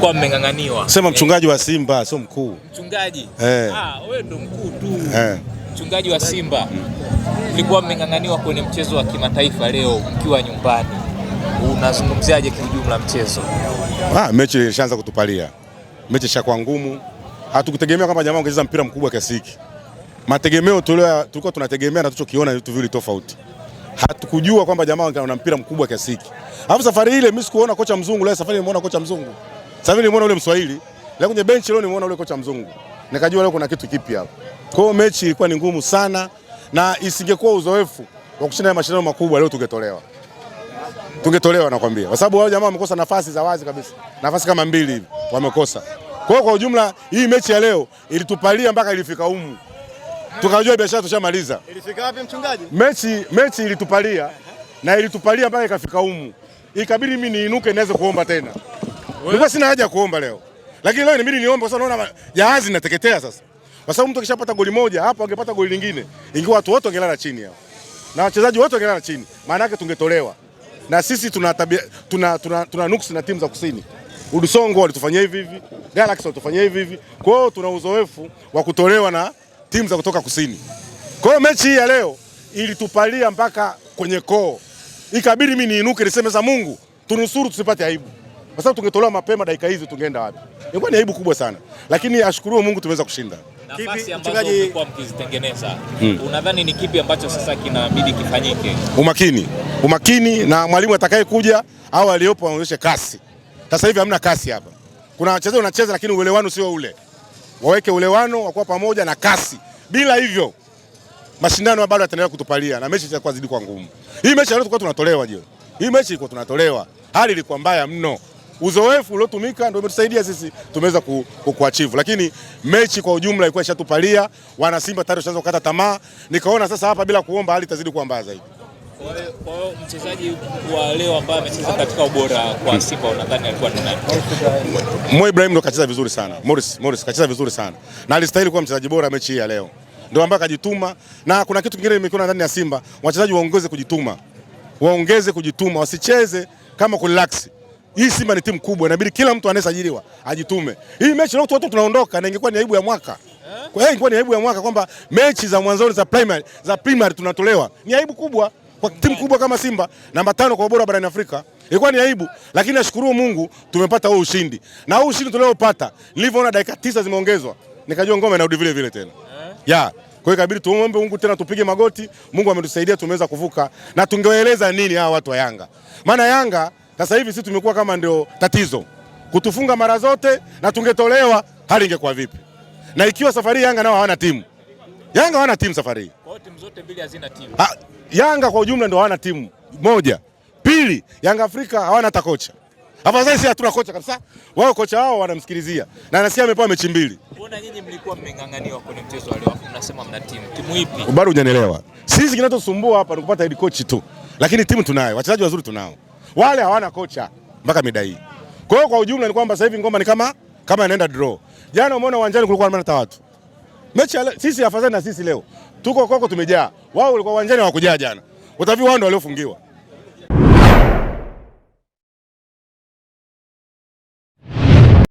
mlikuwa mmeng'ang'aniwa. Sema mchungaji wa Simba sio mkuu. Mchungaji. Eh. Ah, wewe ndo mkuu tu. Eh. Mchungaji wa Simba mlikuwa mmeng'ang'aniwa kwenye mchezo wa kimataifa leo mkiwa nyumbani. Unazungumziaje kiujumla mchezo? Ah, mechi ilishaanza kutupalia. Mechi ishakuwa ngumu. Hatukutegemea kwamba jamaa ungecheza mpira mkubwa kiasi hiki. Mategemeo tulikuwa tunategemea na tulichokiona vitu viwili tofauti. Hatukujua kwamba jamaa wana mpira mkubwa kiasi hiki. Alafu safari ile mimi sikuona kocha mzungu, leo safari nimeona kocha mzungu. Sasa mimi nimeona yule Mswahili, leo kwenye benchi leo nimeona yule kocha mzungu. Nikajua leo kuna kitu kipi hapo. Kwa hiyo mechi ilikuwa ni ngumu sana na isingekuwa uzoefu wa kushinda mashindano makubwa leo tungetolewa. Tungetolewa nakwambia. Kwa sababu wao jamaa wamekosa nafasi za wazi kabisa. Nafasi kama mbili hivi wamekosa. Kwa hiyo kwa ujumla hii mechi ya leo ilitupalia mpaka ilifika umu. Tukajua biashara tushamaliza. Ilifika wapi mchungaji? Mechi mechi ilitupalia na ilitupalia mpaka ikafika umu. Ikabidi mimi niinuke niweze kuomba tena. Nilikuwa sina haja kuomba leo. Lakini leo inabidi niombe kwa sababu naona jahazi linateketea sasa. Kwa sababu mtu akishapata goli moja hapo angepata goli lingine. Ingekuwa watu wote wangelala chini hapo. Na wachezaji wote wangelala chini. Maana yake tungetolewa. Na sisi tuna tabia tuna tuna, tuna nuksi na timu za kusini. Udusongo walitufanyia hivi hivi, Galaxy walitufanyia hivi hivi. Kwa hiyo tuna uzoefu wa kutolewa na timu za kutoka kusini. Kwa hiyo mechi hii ya leo ilitupalia mpaka kwenye koo, ikabidi mimi niinuke niseme za Mungu tunusuru tusipate aibu kwa sababu tungetolewa mapema dakika hizi tungeenda wapi? Ilikuwa ni aibu kubwa sana, lakini ashukuriwe Mungu tumeweza kushinda. Nafasi ambazo mlikuwa mkizitengeneza, hmm. unadhani ni kipi ambacho sasa kinabidi kifanyike? Umakini, umakini na mwalimu atakaye kuja au aliyopo aonyeshe kasi. Sasa hivi hamna kasi hapa, kuna wachezaji wanacheza, lakini uelewano sio ule. Waweke uelewano wa kuwa pamoja na kasi, bila hivyo mashindano bado yataendelea kutupalia na mechi zitakuwa zidi kwa ngumu. Hii mechi leo tulikuwa tunatolewa, je, hii mechi ilikuwa tunatolewa, hali ilikuwa mbaya mno uzoefu uliotumika ndio umetusaidia sisi tumeweza ku, ku, kuachieve. Lakini mechi kwa ujumla ilikuwa ishatupalia, wana Simba tayari washaanza kukata tamaa, nikaona sasa hapa bila kuomba hali itazidi kuwa mbaya zaidi. Kwa hiyo mchezaji wa leo ambaye amecheza katika ubora kwa Simba unadhani alikuwa ni nani? Mo Ibrahim ndo kacheza vizuri sana. Morris, Morris kacheza vizuri sana na alistahili kuwa mchezaji bora mechi ya leo, ndio ambaye akajituma, na kuna kitu kingine nimekiona ndani ya Simba, wachezaji waongeze kujituma, waongeze kujituma, wasicheze kama kulaksi. Hii Simba ni timu kubwa, inabidi kila mtu anayesajiliwa ajitume. Hii mechi leo watu tunaondoka na ingekuwa ni aibu ya mwaka. Eh? Kwa hiyo ingekuwa ni aibu ya mwaka kwamba mechi za mwanzo za primary, za primary tunatolewa. Ni aibu kubwa kwa timu kubwa kama Simba, namba tano kwa ubora barani Afrika. Ilikuwa ni aibu, lakini nashukuru Mungu tumepata huu ushindi. Na huu ushindi tuliopata, nilivyoona dakika tisa zimeongezwa, nikajua ngoma inarudi vile vile tena. Eh? Ya. Kwa hiyo ikabidi tuombe Mungu tena tupige magoti. Mungu ametusaidia tumeweza kuvuka na tungewaeleza nini hawa watu wa Yanga? Maana Yanga sasa hivi sisi tumekuwa kama ndio tatizo, kutufunga mara zote, na tungetolewa hali ingekuwa vipi? Na ikiwa safari Yanga nao hawana timu, Yanga hawana timu safari hii, kwa hiyo timu zote mbili hazina timu. Ha, Yanga kwa ujumla ndio hawana timu moja. Pili, Yanga Afrika hawana hata kocha. Afadhali sisi hatuna kocha kabisa. Wao kocha wao wanamsikilizia. Na nasikia amepewa mechi mbili. Mbona nyinyi mlikuwa mmeng'ang'aniwa kwenye mchezo wa leo? Mnasema mna timu. Timu ipi? Bado hujanielewa. Sisi kinachotusumbua hapa ni kupata head coach tu. Lakini timu tunayo, wachezaji wazuri tunao wale hawana kocha mpaka mida hii. Kwa hiyo kwa ujumla ni kwamba sasa hivi Ngoma ni kama kama inaenda draw. Jana umeona uwanjani kulikuwa na hata watu. Mechi ya sisi afadhali na sisi leo. Tuko koko tumejaa. Wao walikuwa uwanjani hawakujaa jana. Utavi wao ndio waliofungiwa.